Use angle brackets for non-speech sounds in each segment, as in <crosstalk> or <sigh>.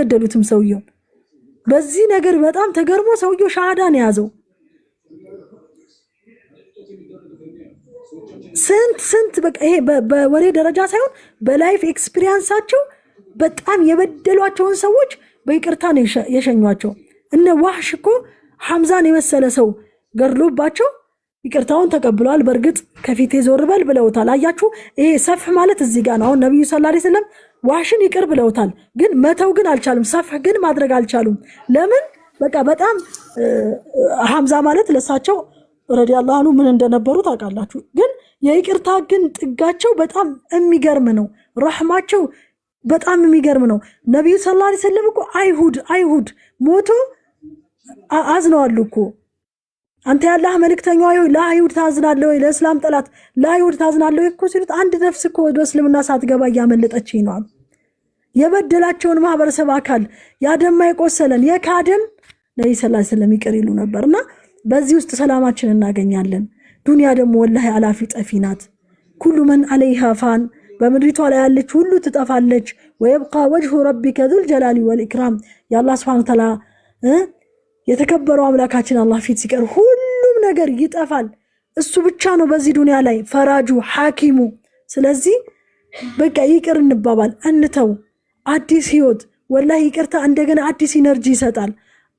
አልገደሉትም ሰውየው። በዚህ ነገር በጣም ተገርሞ ሰውየው ሻሃዳን የያዘው ስንት ስንት በቃ ይሄ በወሬ ደረጃ ሳይሆን በላይፍ ኤክስፒሪየንሳቸው በጣም የበደሏቸውን ሰዎች በይቅርታ ነው የሸኟቸው። እነ ዋህሽ እኮ ሐምዛን የመሰለ ሰው ገድሎባቸው ይቅርታውን ተቀብለዋል። በእርግጥ ከፊቴ ዞር በል ብለውታል። አያችሁ፣ ይሄ ሰፍ ማለት እዚህ ጋር ነው። አሁን ነቢዩ ሰለላሁ ዐለይሂ ወሰለም ዋሽን ይቅር ብለውታል። ግን መተው ግን አልቻሉም። ሰፍሕ ግን ማድረግ አልቻሉም። ለምን? በቃ በጣም ሀምዛ ማለት ለሳቸው ረዲየላሁ አንሁ ምን እንደነበሩ ታውቃላችሁ። ግን የይቅርታ ግን ጥጋቸው በጣም የሚገርም ነው። ረህማቸው በጣም የሚገርም ነው። ነቢዩ ሰለላሁ ዐለይሂ ወሰለም እኮ አይሁድ አይሁድ ሞቶ አዝነዋሉ እኮ አንተ ያላህ መልእክተኛ ሆይ ለአይሁድ ታዝናለ ወይ? ለእስላም ጠላት ለአይሁድ ታዝናለ ወይ እኮ ሲሉት አንድ ነፍስ እኮ ወደ እስልምና ሳትገባ እያመለጠች ነው አሉ። የበደላቸውን ማህበረሰብ አካል ያደማ የቆሰለን የካደን ነቢ ስላ ስለም ይቅር ይሉ ነበር እና በዚህ ውስጥ ሰላማችን እናገኛለን። ዱንያ ደግሞ ወላሂ አላፊ ጠፊ ናት። ኩሉ መን አለይሃ ፋን በምድሪቷ ላይ ያለች ሁሉ ትጠፋለች። ወየብቃ ወጅሁ ረቢከ ዙል ጀላሊ ወልኢክራም የአላህ ስብሃነ ተዓላ የተከበረው አምላካችን አላህ ፊት ሲቀር ነገር ይጠፋል። እሱ ብቻ ነው በዚህ ዱንያ ላይ ፈራጁ ሐኪሙ። ስለዚህ በቃ ይቅር እንባባል፣ እንተው። አዲስ ህይወት ወላሂ ይቅርታ እንደገና አዲስ ኢነርጂ ይሰጣል።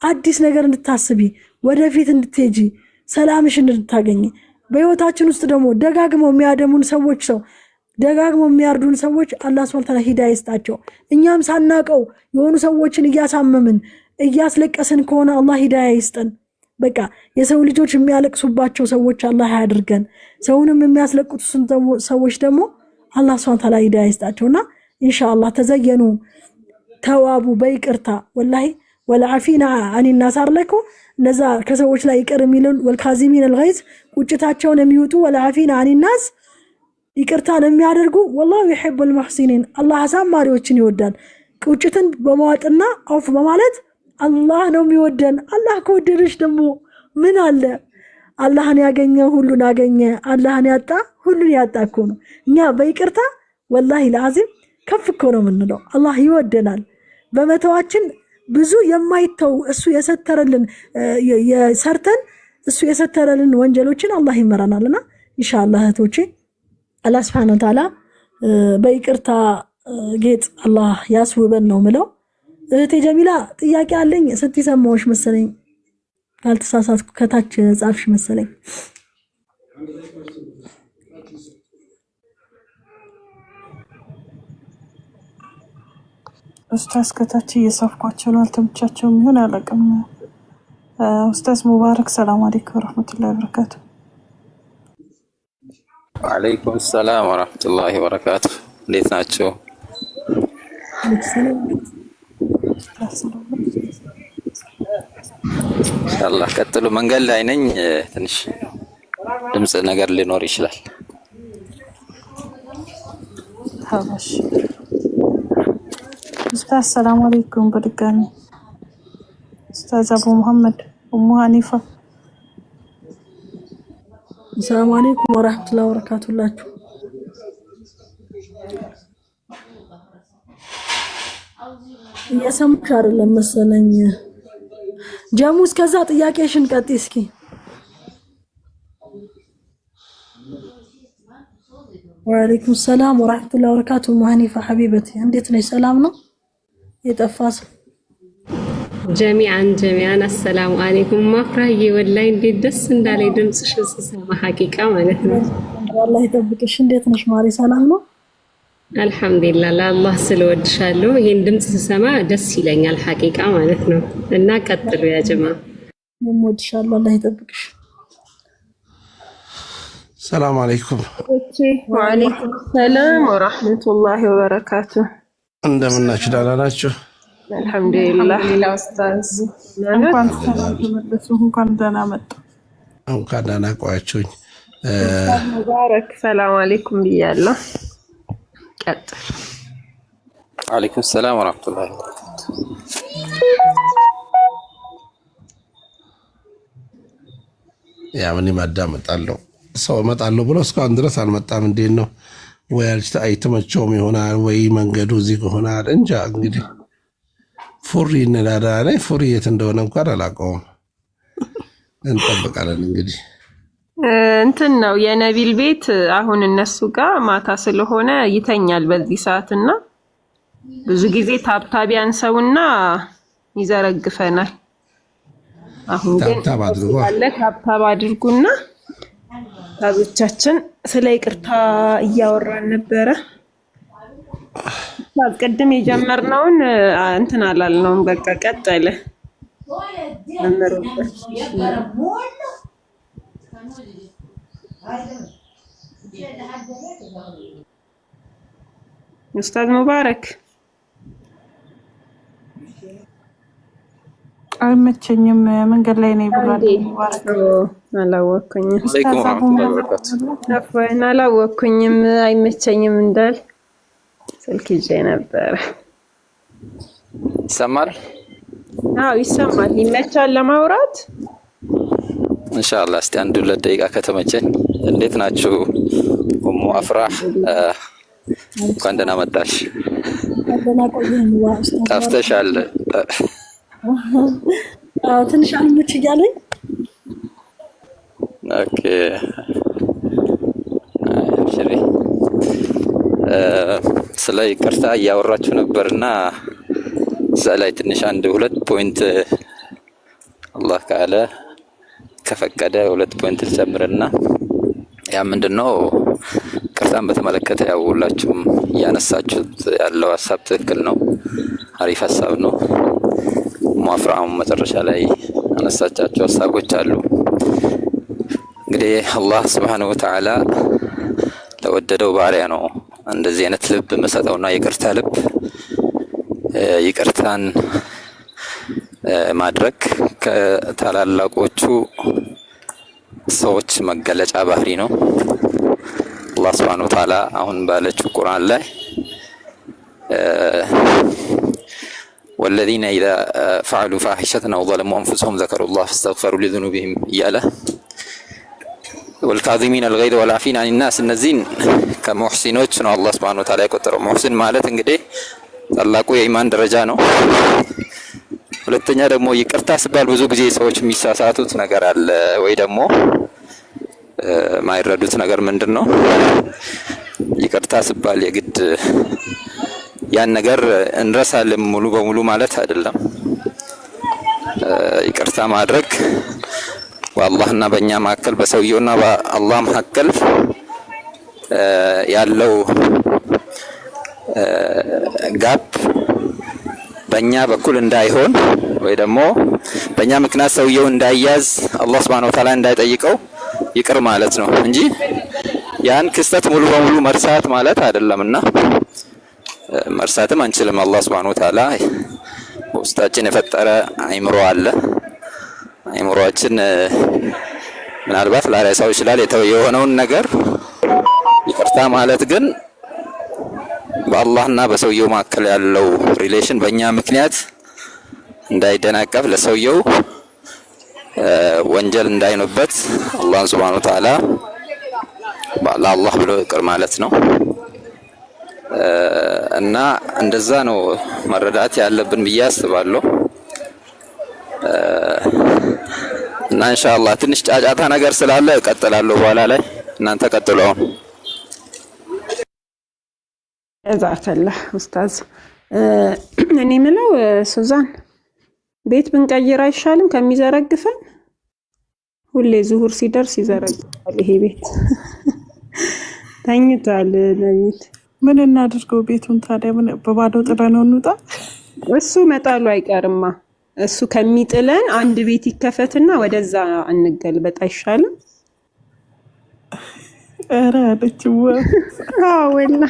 አዲስ ነገር እንድታስቢ፣ ወደፊት እንድትሄጂ፣ ሰላምሽ እንድታገኝ። በህይወታችን ውስጥ ደግሞ ደጋግመው የሚያደሙን ሰዎች ሰው ደጋግሞ የሚያርዱን ሰዎች አላህ ሱብሓነሁ ወተዓላ ይስጣቸው። እኛም ሳናቀው የሆኑ ሰዎችን እያሳመምን እያስለቀስን ከሆነ አላህ ሂዳያ ይስጠን። በቃ የሰው ልጆች የሚያለቅሱባቸው ሰዎች አላህ ያድርገን። ሰውንም የሚያስለቅሱ ሰዎች ደግሞ አላህ ስብሐነ ተዓላ ሂዳያ ይስጣቸውና ኢንሻአላህ ተዘየኑ፣ ተዋቡ በይቅርታ ወላሂ ወልዓፊና አኒናስ ላይ እኮ እነዛ ከሰዎች ላይ ይቅር የሚሉ ወልካዚሚን አልገይዝ ቁጭታቸውን የሚውጡ ወልዓፊና አኒናስ ይቅርታን የሚያደርጉ ወላሁ ዩሒቡል ሙሕሲኒን አላህ አሳማሪዎችን ይወዳል። ቁጭትን በመዋጥና አውፍ በማለት አላህ ነው የሚወደን። አላህ ከወደደች ደግሞ ምን አለ? አላህን ያገኘ ሁሉን አገኘ፣ አላህን ያጣ ሁሉን ያጣ እኮ ነው። እኛ በይቅርታ ወላሂ ለአዚም ከፍ እኮ ነው የምንለው። አላህ ይወደናል። በመተዋችን ብዙ የማይተው እሱ የሰተረልን የሰርተን እሱ የሰተረልን ወንጀሎችን አላህ ይመራናልና ኢንሻአላህ እህቶቼ አላህ ስብሐነ ወተዓላ በይቅርታ ጌጥ አላህ ያስውበን ነው ምለው። እህቴ ጀሚላ ጥያቄ አለኝ ስትይ መሰለኝ። ካልተሳሳትኩ ከታች ጻፍሽ መሰለኝ። ኡስታዝ ከታች እየሳፍኳቸው ነው። አልተመቻቸው የሚሆን አላውቅም። ኡስታዝ ሙባረክ ሰላም አለይኩም ወረሕመቱላሂ ወበረካቱ። አለይኩም ሰላም ወረሕመቱላሂ ወበረካቱ። እንዴት ናቸው? ኢንሻአላህ ቀጥሉ። መንገድ ላይ ነኝ። ትንሽ ድምጽ ነገር ሊኖር ይችላል። ታባሽ ኡስታዝ ሰላም አለይኩም። በድጋሚ ኡስታዝ አቡ መሐመድ ኡሙ ሐኒፋ ሰላም አለይኩም ወራህመቱላሂ ወበረካቱላችሁ። እየሰሙሽ አይደለም መሰለኝ ጀሙ። እስከዛ ጥያቄሽን ቀጥ እስኪ ወአለይኩም ሰላም ወራህመቱላሂ ወበረካቱ። ማህኒፋ ሐቢበቲ እንዴት ነሽ? ሰላም ነው የጠፋ ሰው ጀሚዓን ጀሚዓን አሰላሙ አለይኩም ማፍራዬ፣ ወላሂ እንዴት ደስ እንዳለኝ ድምፅሽን ስሰማ ሀቂቃ ማለት ነው። አላህ ይጠብቅሽ። እንዴት ነሽ ማሪ? ሰላም ነው አልሐምዱሊላህ ለአላህ ስለወድሻለሁ። ይሄን ድምፅ ስሰማ ደስ ይለኛል፣ ሐቂቃ ማለት ነው። እና ቀጥሉ ያ ጀማ። ወድሻለሁ፣ አላህ ይጠብቅሽ። ሰላም አለይኩም። ወአለይኩም ሰላም ወራህመቱላሂ ወበረካቱ። እንደምናችሁ ደህና ናችሁ? አልሐምዱሊላህ። ኡስታዝ እንኳን ሰላም ተመለሱ፣ እንኳን ደህና መጡ፣ እንኳን ደህና ቆያችሁኝ። ሙባረክ ሰላም አለይኩም ብያለሁ። ቀጥል። አለይኩም ሰላም ወራህመቱላሂ ያ ምንም አዳመጣለሁ ሰው እመጣለሁ ብሎ እስካሁን ድረስ አልመጣም። እንዴት ነው ወይ አልችታ አይተመቸውም ይሆናል ወይ መንገዱ እዚህ ይሆናል እንጃ። እንግዲህ ፉሪ እንላዳ ላይ ፉሪ የት እንደሆነ እንኳን አላውቀውም። እንጠብቃለን እንግዲህ እንትን ነው የነቢል ቤት አሁን እነሱ ጋር ማታ ስለሆነ ይተኛል በዚህ ሰዓት እና ብዙ ጊዜ ታብታቢያን ሰውና ይዘረግፈናል። አሁን ግን አለ ታብታብ አድርጉና ታብቻችን ስለ ይቅርታ እያወራን ነበረ። ቅድም የጀመርነውን እንትን አላልነውም። በቃ ቀጠለ ኡስታዝ ሙባረክ አይመቸኝም፣ መንገድ ላይ ነኝ ብሏል። ሙባረክ አላወኩኝም፣ አይመቸኝም እንዳል ስልክ ይዤ ነበረ። ይሰማል? አዎ ይሰማል። ይመቻል ለማውራት እንሻላ እስቲ አንድ ሁለት ደቂቃ ከተመቸኝ። እንዴት ናችሁ? ሙ አፍራህ እንኳን ደህና መጣሽ። ጠፍተሻል። አዎ ትንሽ አልሞች እያለኝ። ኦኬ ስለ ይቅርታ እያወራችሁ ነበርና እዛ ላይ ትንሽ አንድ ሁለት ፖይንት አላህ ካለ ከፈቀደ ሁለት ፖይንት ልጨምርና ያ ምንድን ነው በተመለከተ ያው ሁላችሁም እያነሳችሁት ያለው ሀሳብ ትክክል ነው። አሪፍ ሀሳብ ነው። ሙአፍራሙ መጨረሻ ላይ አነሳቻቸው ሀሳቦች አሉ። እንግዲህ አላህ ስብሓነሁ ወተዓላ ለወደደው ባሪያ ነው እንደዚህ አይነት ልብ መሰጠውና ይቅርታ ልብ ይቅርታን ማድረግ ከታላላቆቹ ሰዎች መገለጫ ባህሪ ነው። አላህ ሱብሓነሁ ወተዓላ አሁን ባለችው ቁርአን ላይ ወለዚነ ኢዛ ፈዐሉ ፋሒሸተን አው ዘለሙ አንፉሰሁም ዘከሩላህ ፈስተግፈሩ ሊዙኑቢሂም እያለ ወልካዚሚን አልገይዝ ወልዓፊን አን ናስ እነዚህን ከሙሕሲኖች ነው አላህ ሱብሓነሁ ወተዓላ የቆጠረው። ሙሕሲን ማለት እንግዲህ ታላቁ የኢማን ደረጃ ነው። ሁለተኛ ደግሞ ይቅርታ ሲባል ብዙ ጊዜ ሰዎች የሚሳሳቱት ነገር አለ ወይ ደግሞ ማይረዱት ነገር ምንድን ነው? ይቅርታ ስባል የግድ ያን ነገር እንረሳለን ሙሉ በሙሉ ማለት አይደለም። ይቅርታ ማድረግ በአላህና በእኛ መካከል በሰውየውና በአላህ መካከል ያለው ጋፕ በእኛ በኩል እንዳይሆን ወይ ደግሞ በእኛ ምክንያት ሰውየው እንዳይያዝ አላህ ሱብሃነሁ ወተዓላ እንዳይጠይቀው ይቅር ማለት ነው እንጂ ያን ክስተት ሙሉ በሙሉ መርሳት ማለት አይደለም እና መርሳትም አንችልም። አላህ ሱብሓነሁ ወተዓላ በውስጣችን የፈጠረ አይምሮ አለ። አይምሮአችን ምናልባት ላረሳው ይችላል የሆነውን ነገር። ይቅርታ ማለት ግን በአላህና በሰውየው መካከል ያለው ሪሌሽን በእኛ ምክንያት እንዳይደናቀፍ ለሰውየው ወንጀል እንዳይኖበት አላህን ስብሃነ ወተዓላ ለአላህ ብሎ ይቅር ማለት ነው። እና እንደዛ ነው መረዳት ያለብን ብዬ አስባለሁ። እና ኢንሻአላህ ትንሽ ጫጫታ ነገር ስላለ እቀጥላለሁ በኋላ ላይ እናንተ ቀጥሉ። አሁን እዛተላ ኡስታዝ እኔ ምለው ሱዛን ቤት ብንቀይር አይሻልም? ከሚዘረግፈን ሁሌ ዙሁር ሲደርስ ይዘረግፋል። ይሄ ቤት <laughs> ተኝቷል። ለሚት ምን እናድርገው ቤቱን ታዲያ? ምን በባዶ ጥለነው እንውጣ? እሱ መጣሉ አይቀርማ። እሱ ከሚጥለን አንድ ቤት ይከፈትና ወደዛ እንገልበጥ አይሻልም? ኧረ አለችው <laughs> ወላ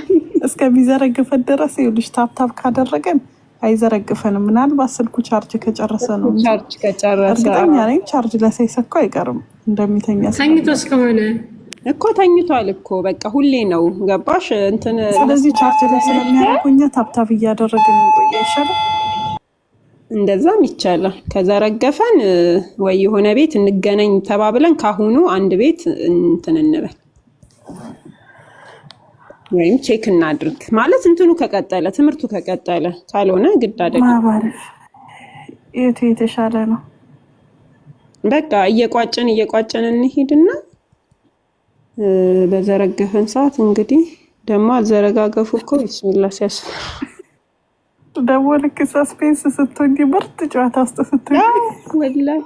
እስከሚዘረግፈን ድረስ ይኸውልሽ ታፕታፕ ካደረገን አይዘረግፈንም። ምናልባት ስልኩ ቻርጅ ከጨረሰ ነው። ቻርጅ ከጨረሰ እርግጠኛ ነኝ ቻርጅ ለሳይሰኮ አይቀርም እንደሚተኛ ተኝቶ እስከሆነ እኮ ተኝቷል እኮ በቃ ሁሌ ነው ገባሽ እንትን። ስለዚህ ቻርጅ ላይ ስለሚያደርጉኛ ታብታብ እያደረግን እንቆየ ይሻላል። እንደዛም ይቻላል። ከዛ ረገፈን ወይ የሆነ ቤት እንገናኝ ተባብለን ካሁኑ አንድ ቤት እንትን እንበል። ወይም ቼክ እናድርግ ማለት እንትኑ ከቀጠለ ትምህርቱ ከቀጠለ፣ ካልሆነ ግድ አደግ የተሻለ ነው። በቃ እየቋጨን እየቋጨን እንሂድና በዘረገፈን ሰዓት እንግዲህ ደግሞ አዘረጋገፉ እኮ ስሚላ ሲያስ ደግሞ ልክ ሳስፔንስ ስትሆኝ ምርጥ ጨዋታ ውስጥ ስትሆኝ ወላሂ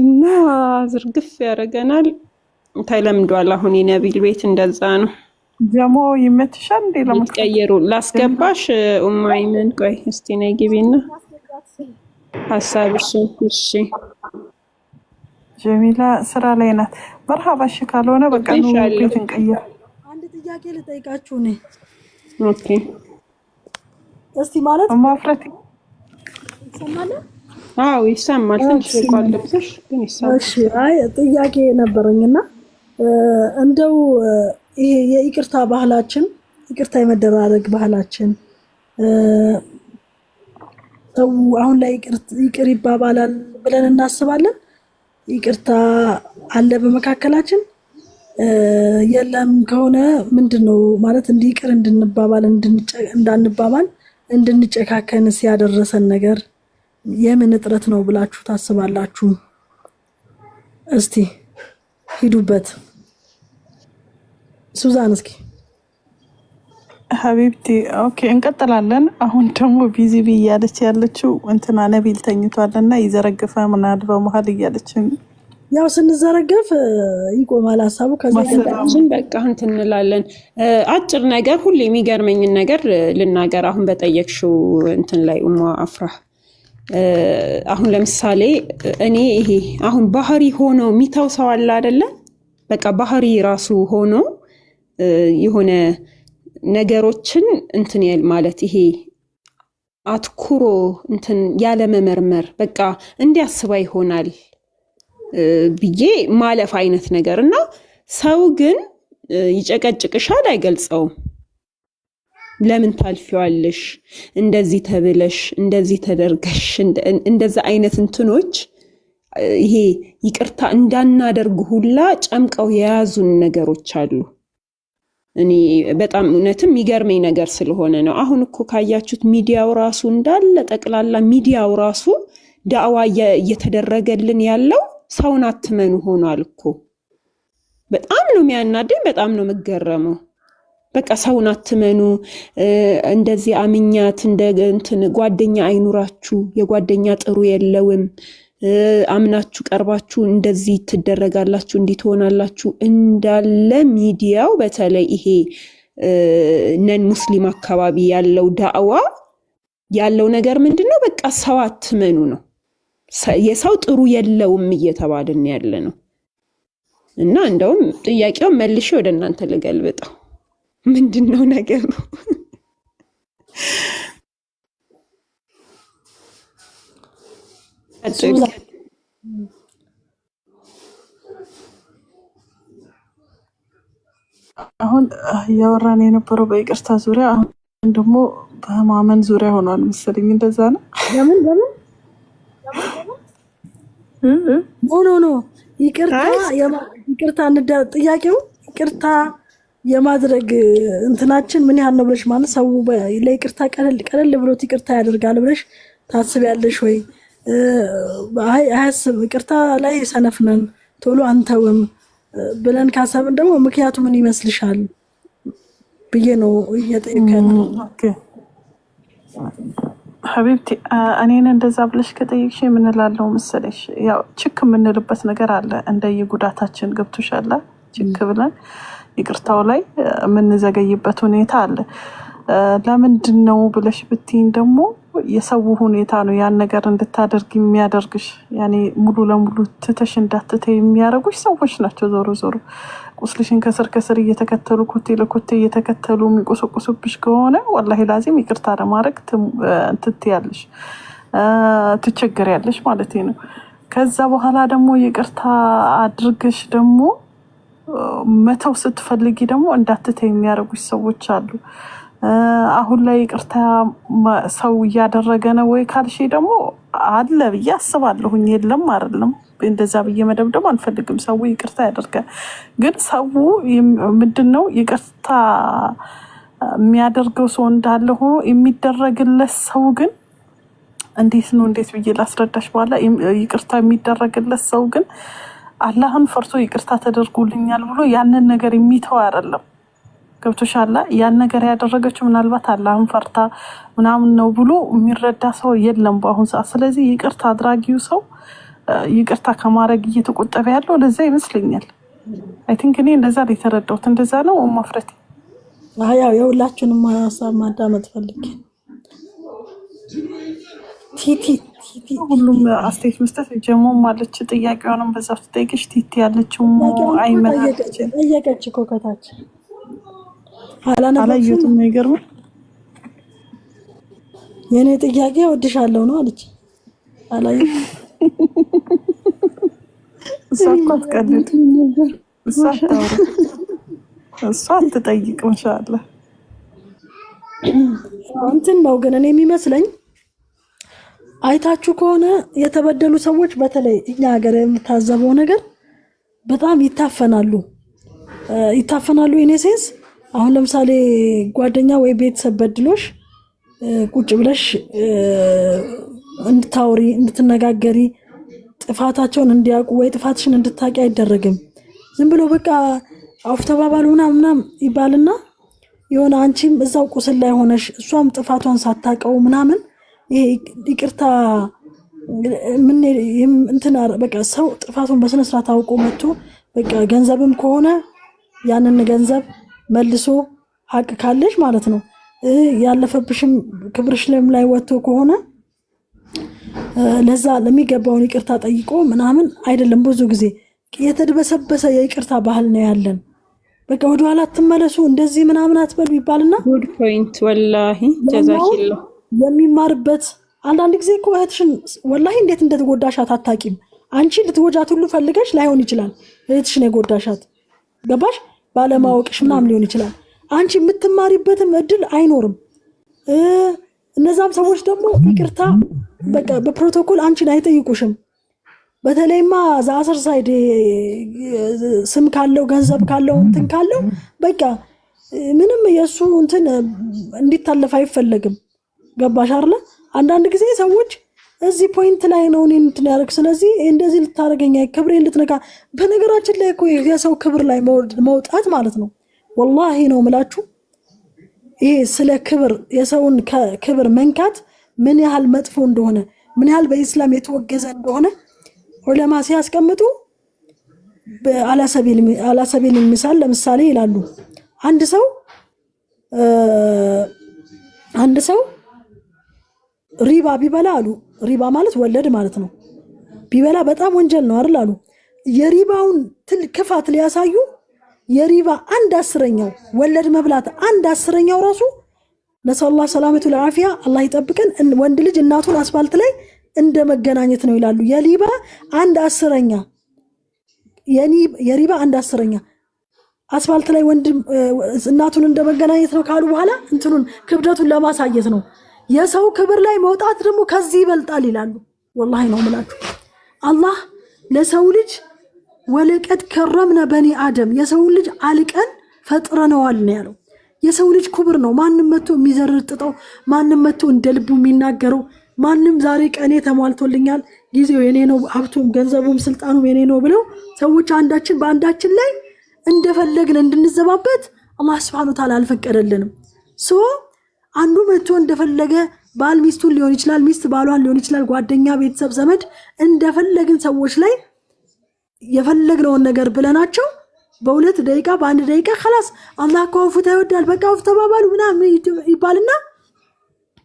እና ዝርግፍ ያደርገናል። ተለምዷል። አሁን የነቢል ቤት እንደዛ ነው። ጀሞ ይመትሻል እንዴ? ለመቀየሩ ላስገባሽ። ኡማይምን ቆይ እስቲ ነይ ግቢና ሀሳብሽ። እሺ ጀሚላ ስራ ላይ ናት። መርሃባ እሺ። ካልሆነ በቃ ቤት እንቀይር። አንድ ጥያቄ ልጠይቃችሁ ነ ኦኬ። እስቲ ማለት ማፍረት ይሰማል? አዎ ይሰማል። ትንሽ ቋል ልብስሽ ግን ይሰማል። ጥያቄ ነበረኝና እንደው ይሄ የይቅርታ ባህላችን ይቅርታ የመደራረግ ባህላችን ሰው አሁን ላይ ይቅር ይባባላል ብለን እናስባለን። ይቅርታ አለ በመካከላችን? የለም ከሆነ ምንድን ነው ማለት እንዲህ ይቅር እንድንባባል እንዳንባባል እንድንጨካከን ሲያደረሰን ነገር የምን እጥረት ነው ብላችሁ ታስባላችሁ? እስቲ ሂዱበት። ሱዛን እስኪ ሀቢብቲ ኦኬ፣ እንቀጥላለን። አሁን ደግሞ ቢዚ ቢ እያለች ያለችው እንትና ነቢል ተኝቷልና ይዘረግፈ ምናል በመሀል እያለች ያው ስንዘረገፍ ይቆማል ሀሳቡ። ከዚያችን በቃ እንትን እንላለን። አጭር ነገር ሁሉ የሚገርመኝን ነገር ልናገር። አሁን በጠየቅሽው እንትን ላይ ኡማ አፍራህ አሁን ለምሳሌ እኔ ይሄ አሁን ባህሪ ሆኖ የሚተው ሰው አለ አይደለ? በቃ ባህሪ ራሱ ሆኖ የሆነ ነገሮችን እንትን ማለት ይሄ አትኩሮ እንትን ያለ መመርመር በቃ እንዲያስባ ይሆናል ብዬ ማለፍ አይነት ነገር እና ሰው ግን ይጨቀጭቅሻል፣ አይገልጸውም። ለምን ታልፊዋለሽ? እንደዚህ ተብለሽ፣ እንደዚህ ተደርገሽ፣ እንደዛ አይነት እንትኖች ይሄ ይቅርታ እንዳናደርግ ሁላ ጨምቀው የያዙን ነገሮች አሉ። እኔ በጣም እውነትም የሚገርመኝ ነገር ስለሆነ ነው። አሁን እኮ ካያችሁት ሚዲያው ራሱ እንዳለ ጠቅላላ ሚዲያው ራሱ ዳዕዋ እየተደረገልን ያለው ሰውን አትመኑ ሆኗል እኮ። በጣም ነው የሚያናደኝ፣ በጣም ነው የምገረመው። በቃ ሰውን አትመኑ፣ እንደዚህ አምኛት እንደ እንትን ጓደኛ አይኑራችሁ፣ የጓደኛ ጥሩ የለውም አምናችሁ ቀርባችሁ እንደዚህ ትደረጋላችሁ እንዲህ ትሆናላችሁ እንዳለ ሚዲያው በተለይ ይሄ ነን ሙስሊም አካባቢ ያለው ዳዕዋ ያለው ነገር ምንድን ነው? በቃ ሰው አትመኑ ነው። የሰው ጥሩ የለውም እየተባልን ያለ ነው። እና እንደውም ጥያቄውን መልሼ ወደ እናንተ ልገልብጠው። ምንድን ነው ነው? አሁን እያወራን የነበረው በይቅርታ ዙሪያ አሁን ደግሞ በማመን ዙሪያ ሆኗል መሰለኝ። እንደዛ ነው። ለምን ለምን ኖ ኖ ኖ ይቅርታ ጥያቄው ይቅርታ የማድረግ እንትናችን ምን ያህል ነው ብለሽ ማለት ሰው ለይቅርታ ቀለል ቀለል ብሎት ይቅርታ ያደርጋል ብለሽ ታስቢያለሽ ወይ? አያስብ ይቅርታ ላይ ሰነፍነን ቶሎ አንተውም ብለን ካሰብን ደግሞ ምክንያቱ ምን ይመስልሻል ብዬ ነው እየጠየቀን። ሀቢብቲ እኔን እንደዛ ብለሽ ከጠየቅሽ የምንላለው መሰለሽ፣ ያው ችክ የምንልበት ነገር አለ እንደየጉዳታችን ጉዳታችን ገብቶሻል። ችክ ብለን ይቅርታው ላይ የምንዘገይበት ሁኔታ አለ። ለምንድን ነው ብለሽ ብትይኝ ደግሞ የሰው ሁኔታ ነው ያን ነገር እንድታደርግ የሚያደርግሽ። ያኔ ሙሉ ለሙሉ ትተሽ እንዳትተ የሚያደርጉሽ ሰዎች ናቸው። ዞሮ ዞሮ ቁስልሽን ከስር ከስር እየተከተሉ ኮቴ ለኮቴ እየተከተሉ የሚቆሰቁሱብሽ ከሆነ ወላሂ ላዚም ይቅርታ ለማድረግ ትት ያለሽ ትቸገር ያለሽ ማለት ነው። ከዛ በኋላ ደግሞ ይቅርታ አድርገሽ ደግሞ መተው ስትፈልጊ ደግሞ እንዳትተ የሚያደርጉሽ ሰዎች አሉ። አሁን ላይ ይቅርታ ሰው እያደረገ ነው ወይ ካልሽ ደግሞ አለ ብዬ አስባለሁኝ። የለም አይደለም እንደዛ ብዬ መደምደም አልፈልግም። ሰው ይቅርታ ያደርገ ግን ሰው ምንድን ነው ይቅርታ የሚያደርገው ሰው እንዳለ ሆኖ የሚደረግለት ሰው ግን እንዴት ነው እንዴት ብዬ ላስረዳሽ። በኋላ ይቅርታ የሚደረግለት ሰው ግን አላህን ፈርቶ ይቅርታ ተደርጎልኛል ብሎ ያንን ነገር የሚተው አይደለም። ገብቶሻላ። ያን ነገር ያደረገችው ምናልባት አላህን ፈርታ ምናምን ነው ብሎ የሚረዳ ሰው የለም በአሁን ሰዓት። ስለዚህ ይቅርታ አድራጊው ሰው ይቅርታ ከማድረግ እየተቆጠበ ያለው ለዛ ይመስለኛል። አይ ቲንክ እኔ እንደዛ ነው የተረዳሁት። እንደዛ ነው ማፍረት። ያው የሁላችሁንም ሀሳብ ማዳመጥ ፈልጌ ሁሉም አስተያየት መስጠት ጀሞ ማለች። ጥያቄዋንም በዛ ትጠይቅሽ ቲቲ ያለችው አይመጣ ጠየቀች እኮ ከታች አላየሁትም። የሚገርመው የእኔ ጥያቄ ወድሻለሁ ነው አለች። አላየሁትም። እሷ እኮ አትቀልድ፣ እሷ አታውራ፣ እሷ አትጠይቅ። እንሻላ እንትን ነው ግን እኔ የሚመስለኝ አይታችሁ ከሆነ የተበደሉ ሰዎች በተለይ እኛ ሀገር የምታዘበው ነገር በጣም ይታፈናሉ ይታፈናሉ ኢኔሴንስ አሁን ለምሳሌ ጓደኛ ወይ ቤተሰብ በድሎሽ ቁጭ ብለሽ እንድታወሪ እንድትነጋገሪ ጥፋታቸውን እንዲያውቁ ወይ ጥፋትሽን እንድታቂ አይደረግም። ዝም ብሎ በቃ አፍ ምናምናም ይባልና የሆነ አንቺም እዛው ቁስል ላይ ሆነሽ እሷም ጥፋቷን ሳታቀው ምናምን ይቅርታ እንትን በቃ ሰው ጥፋቱን በስነስርዓት አውቆ መጥቶ በቃ ገንዘብም ከሆነ ያንን ገንዘብ መልሶ ሀቅ ካለሽ ማለት ነው ያለፈብሽም ክብርሽ ለም ላይ ወጥቶ ከሆነ ለዛ ለሚገባውን ይቅርታ ጠይቆ ምናምን አይደለም። ብዙ ጊዜ የተድበሰበሰ የይቅርታ ባህል ነው ያለን። በቃ ወደ ኋላ አትመለሱ እንደዚህ ምናምን አትበሉ ይባልና ወላሂ የሚማርበት አንዳንድ ጊዜ እኮ እህትሽን ወላሂ እንዴት እንደተጎዳሻት አታቂም። አንቺ ልትጎጃት ሁሉ ፈልገሽ ላይሆን ይችላል እህትሽን የጎዳሻት ገባሽ ባለማወቅሽ ምናምን ሊሆን ይችላል። አንቺ የምትማሪበትም እድል አይኖርም። እነዛም ሰዎች ደግሞ ይቅርታ በቃ በፕሮቶኮል አንቺን አይጠይቁሽም። በተለይማ ዛ አስር ሳይድ ስም ካለው ገንዘብ ካለው እንትን ካለው በቃ ምንም የእሱ እንትን እንዲታለፍ አይፈለግም። ገባሽ አለ አንዳንድ ጊዜ ሰዎች እዚህ ፖይንት ላይ ነው እኔ እንትን ያደርግ። ስለዚህ እንደዚህ ልታደርገኝ ክብሬን ልትነካ። በነገራችን ላይ እኮ የሰው ክብር ላይ መውጣት ማለት ነው። ወላሂ ነው ምላችሁ። ይሄ ስለ ክብር የሰውን ክብር መንካት ምን ያህል መጥፎ እንደሆነ ምን ያህል በኢስላም የተወገዘ እንደሆነ ዑለማ ሲያስቀምጡ አላሰቤል ሚሳል ለምሳሌ ይላሉ። አንድ ሰው አንድ ሰው ሪባ ቢበላ አሉ ሪባ ማለት ወለድ ማለት ነው። ቢበላ በጣም ወንጀል ነው አይደል አሉ። የሪባውን ክፋት ሊያሳዩ የሪባ አንድ አስረኛው ወለድ መብላት አንድ አስረኛው ራሱ ነሰላ ሰላመቱ ለአፊያ አላህ ይጠብቀን። ወንድ ልጅ እናቱን አስፋልት ላይ እንደ መገናኘት ነው ይላሉ። የሪባ አንድ አስረኛ የሪባ አንድ አስረኛ አስፋልት ላይ ወንድ እናቱን እንደ መገናኘት ነው ካሉ በኋላ እንትኑን ክብደቱን ለማሳየት ነው የሰው ክብር ላይ መውጣት ደግሞ ከዚህ ይበልጣል ይላሉ። ወላሂ ነው ምላችሁ። አላህ ለሰው ልጅ ወለቀድ ከረምነ በኒ አደም የሰው ልጅ አልቀን ፈጥረነዋል ነው ያለው። የሰው ልጅ ክብር ነው። ማንም መቶ የሚዘርጥጠው፣ ማንም መቶ እንደ ልቡ የሚናገረው፣ ማንም ዛሬ ቀኔ ተሟልቶልኛል፣ ጊዜው የኔ ነው፣ ሀብቱም ገንዘቡም ስልጣኑም የኔ ነው ብለው ሰዎች አንዳችን በአንዳችን ላይ እንደፈለግን እንድንዘባበት አላህ ስብሐነ ወተዓላ አልፈቀደልንም። አንዱ መጥቶ እንደፈለገ ባል ሚስቱን ሊሆን ይችላል፣ ሚስት ባሏን ሊሆን ይችላል፣ ጓደኛ፣ ቤተሰብ፣ ዘመድ እንደፈለግን ሰዎች ላይ የፈለግነውን ነገር ብለናቸው በሁለት ደቂቃ በአንድ ደቂቃ ከላስ አላህ እኮ አውፉታ ይወዳል፣ በቃ አውፍ ተባባሉ ምናምን ይባልና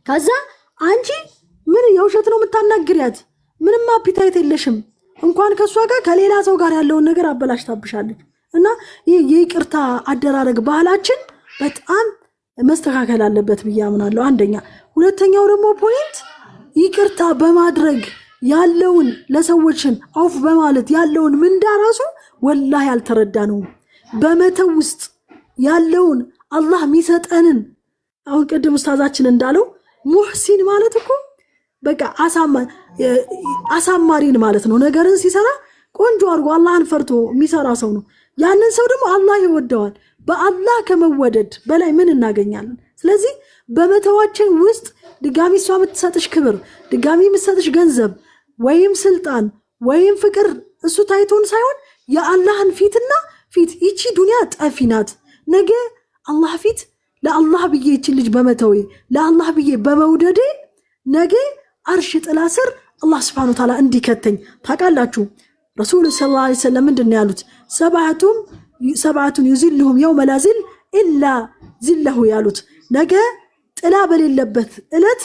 ከዛ አንቺ ምን የውሸት ነው የምታናግሪያት? ምንም አፒታይት የለሽም። እንኳን ከእሷ ጋር ከሌላ ሰው ጋር ያለውን ነገር አበላሽታብሻለች። እና ይህ የይቅርታ አደራረግ ባህላችን በጣም መስተካከል አለበት ብዬ አምናለሁ። አንደኛ። ሁለተኛው ደግሞ ፖይንት ይቅርታ በማድረግ ያለውን ለሰዎችን አውፍ በማለት ያለውን ምንዳ ራሱ ወላሂ ያልተረዳ ነው። በመተው ውስጥ ያለውን አላህ የሚሰጠንን አሁን ቅድም ውስታዛችን እንዳለው ሙሕሲን ማለት እኮ በቃ አሳማሪን ማለት ነው። ነገርን ሲሰራ ቆንጆ አድርጎ አላህን ፈርቶ የሚሰራ ሰው ነው። ያንን ሰው ደግሞ አላህ ይወደዋል። በአላህ ከመወደድ በላይ ምን እናገኛለን? ስለዚህ በመተዋችን ውስጥ ድጋሚ እሷ የምትሰጥሽ ክብር፣ ድጋሚ የምትሰጥሽ ገንዘብ ወይም ስልጣን ወይም ፍቅር እሱ ታይቶን ሳይሆን የአላህን ፊትና ፊት ይቺ ዱንያ ጠፊ ናት። ነገ አላህ ፊት ለአላህ ብዬ ይችን ልጅ በመተዌ ለአላህ ብዬ በመውደዴ ነገ አርሽ ጥላ ስር አላህ ስብሐነ ወተዓላ እንዲከተኝ ታውቃላችሁ። ረሱሉ ሰለላሁ ዓለይሂ ወሰለም ምንድን ነው ያሉት? ሰባቱም? ሰብዓቱን ዩዚልሁም የው ላ ኢላ ዚለሁ ያሉት ነገ ጥላ በሌለበት እለት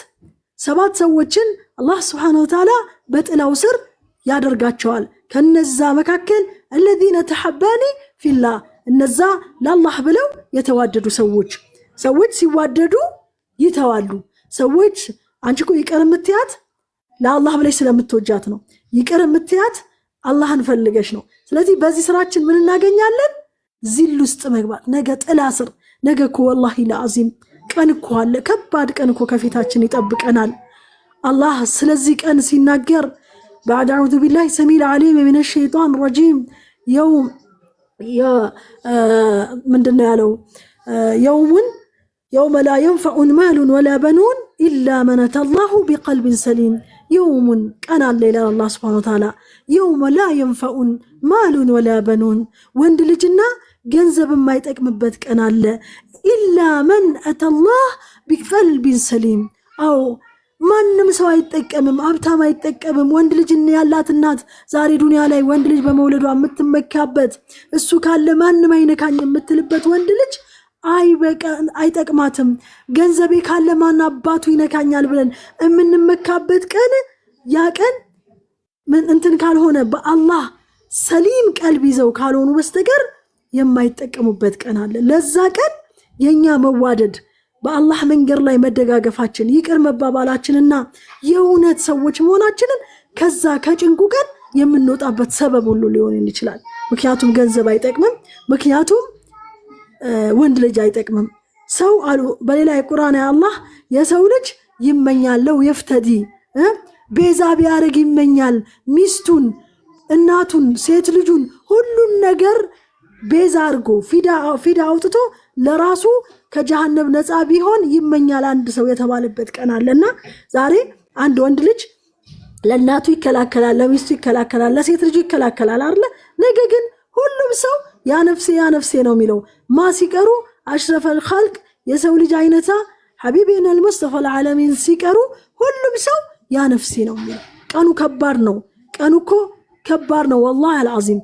ሰባት ሰዎችን አላህ ስብሓነሁ ወተዓላ በጥላው ስር ያደርጋቸዋል። ከነዛ መካከል አለዚነ ተሐባኒ ፊላ እነዛ ለአላህ ብለው የተዋደዱ ሰዎች። ሰዎች ሲዋደዱ ይተዋሉ። ሰዎች አንቺ እኮ ይቅር የምትያት ለአላህ ብለሽ ስለምትወጃት ነው። ይቅር የምትያት አላህን ፈልገሽ ነው። ስለዚህ በዚህ ስራችን ምን እናገኛለን? ዚል ውስጥ መግባት ነገ ጥላ ስር ነገ እኮ ወላሂ ለአዚም ቀን እኮ አለ። ከባድ ቀን እኮ ከፊታችን ይጠብቀናል። አላህ ስለዚህ ቀን ሲናገር ባዕድ አዑዙ ቢላሂ ሰሚል ዓሊም ሚነ ሸይጣን ረጂም የውም ምንድን ነው ያለው? የውሙን የውመ ላ የንፈዑን ማሉን ወላ በኑን ኢላ መነተ ላሁ ቢቀልብን ሰሊም የውሙን ቀን አለ ይላል አላህ ስብሃነ ወተዓላ። የውመ ላ የንፈዑን ማሉን ወላ በኑን ወንድ ልጅና ገንዘብ የማይጠቅምበት ቀን አለ። ኢላ መን አተላህ ቢቀልቢን ሰሊም። አዎ ማንም ሰው አይጠቀምም፣ ሀብታም አይጠቀምም። ወንድ ልጅ ያላት እናት ዛሬ ዱንያ ላይ ወንድ ልጅ በመውለዷ የምትመካበት እሱ ካለ ማንም አይነካኝ የምትልበት ወንድ ልጅ አይጠቅማትም። ገንዘቤ ካለ ማን አባቱ ይነካኛል ብለን የምንመካበት ቀን ያ ቀን እንትን ካልሆነ በአላህ ሰሊም ቀልብ ይዘው ካልሆኑ በስተቀር የማይጠቀሙበት ቀን አለ። ለዛ ቀን የእኛ መዋደድ በአላህ መንገድ ላይ መደጋገፋችን ይቅር መባባላችንና የእውነት ሰዎች መሆናችንን ከዛ ከጭንቁ ቀን የምንወጣበት ሰበብ ሁሉ ሊሆን ይችላል። ምክንያቱም ገንዘብ አይጠቅምም። ምክንያቱም ወንድ ልጅ አይጠቅምም። ሰው አሉ በሌላ የቁርአን አላህ የሰው ልጅ ይመኛለው የፍተዲ ቤዛ ቢያደርግ ይመኛል ሚስቱን፣ እናቱን፣ ሴት ልጁን ሁሉን ነገር ቤዛ አርጎ ፊዳ አውጥቶ ለራሱ ከጀሃነብ ነፃ ቢሆን ይመኛል አንድ ሰው የተባለበት ቀን አለ እና ዛሬ አንድ ወንድ ልጅ ለእናቱ ይከላከላል፣ ለሚስቱ ይከላከላል፣ ለሴት ልጁ ይከላከላል አለ። ነገ ግን ሁሉም ሰው ያነፍሴ ያነፍሴ ነው የሚለው ማ ሲቀሩ አሽረፈል ኸልቅ የሰው ልጅ አይነታ ሐቢቤን አልሙስተፋ ልዓለሚን ሲቀሩ ሁሉም ሰው ያነፍሴ ነው የሚለው። ቀኑ ከባድ ነው። ቀኑ እኮ ከባድ ነው ወላሂ አልዓዚም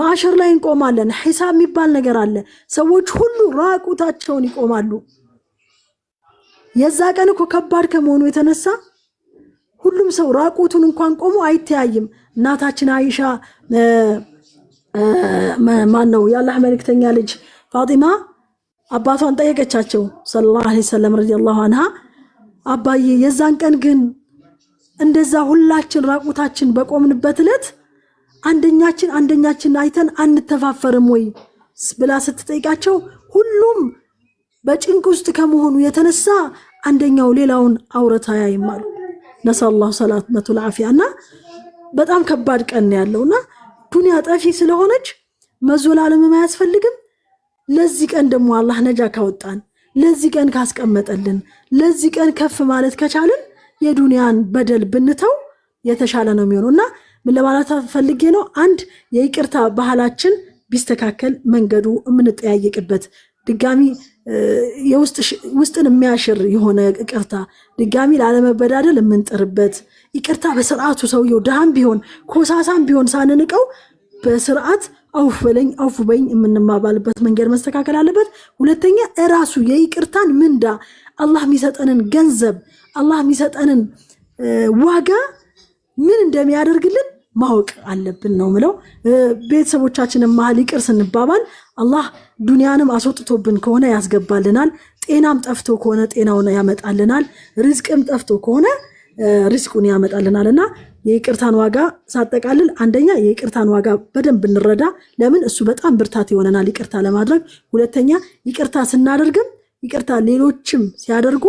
ማሸር ላይ እንቆማለን። ሒሳብ የሚባል ነገር አለ። ሰዎች ሁሉ ራቁታቸውን ይቆማሉ። የዛ ቀን እኮ ከባድ ከመሆኑ የተነሳ ሁሉም ሰው ራቁቱን እንኳን ቆሞ አይተያይም። እናታችን አይሻ ማን ነው የአላህ መልእክተኛ ልጅ ፋጢማ አባቷን ጠየቀቻቸው ሰለላሁ ዐለይሂ ወሰለም ረዲየላሁ አንሃ አባዬ የዛን ቀን ግን እንደዛ ሁላችን ራቁታችን በቆምንበት ዕለት አንደኛችን አንደኛችን አይተን አንተፋፈርም ወይ ብላ ስትጠይቃቸው ሁሉም በጭንቅ ውስጥ ከመሆኑ የተነሳ አንደኛው ሌላውን አውረታ ያይማሉ። ነሰላሁ ሰላመቱል ዓፊያ እና በጣም ከባድ ቀን ያለው እና ዱንያ ጠፊ ስለሆነች መዞላለምም አያስፈልግም። ለዚህ ቀን ደግሞ አላህ ነጃ ካወጣን፣ ለዚህ ቀን ካስቀመጠልን፣ ለዚህ ቀን ከፍ ማለት ከቻልን የዱንያን በደል ብንተው የተሻለ ነው የሚሆነው እና ምን ለማለት ፈልጌ ነው? አንድ የይቅርታ ባህላችን ቢስተካከል መንገዱ የምንጠያየቅበት ድጋሚ ውስጥን የሚያሽር የሆነ ይቅርታ ድጋሚ ላለመበዳደል የምንጥርበት ይቅርታ በስርዓቱ ሰውየው ድሃም ቢሆን ኮሳሳም ቢሆን ሳንንቀው በስርዓት አውፍ በለኝ አውፍ በኝ የምንማባልበት መንገድ መስተካከል አለበት። ሁለተኛ እራሱ የይቅርታን ምንዳ አላህ የሚሰጠንን ገንዘብ አላህ የሚሰጠንን ዋጋ ምን እንደሚያደርግልን ማወቅ አለብን ነው ምለው። ቤተሰቦቻችንን መሀል ይቅር ስንባባል አላህ ዱንያንም አስወጥቶብን ከሆነ ያስገባልናል። ጤናም ጠፍቶ ከሆነ ጤናውን ያመጣልናል። ርዝቅም ጠፍቶ ከሆነ ሪዝቁን ያመጣልናል። እና የይቅርታን ዋጋ ሳጠቃልል፣ አንደኛ የይቅርታን ዋጋ በደንብ እንረዳ። ለምን እሱ በጣም ብርታት ይሆነናል ይቅርታ ለማድረግ። ሁለተኛ ይቅርታ ስናደርግም ይቅርታ ሌሎችም ሲያደርጉ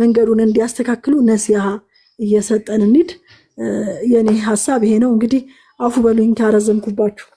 መንገዱን እንዲያስተካክሉ ነሲሃ እየሰጠን እንሂድ። የኔ ሀሳብ ይሄ ነው። እንግዲህ አፉ በሉኝ ካረዘምኩባችሁ።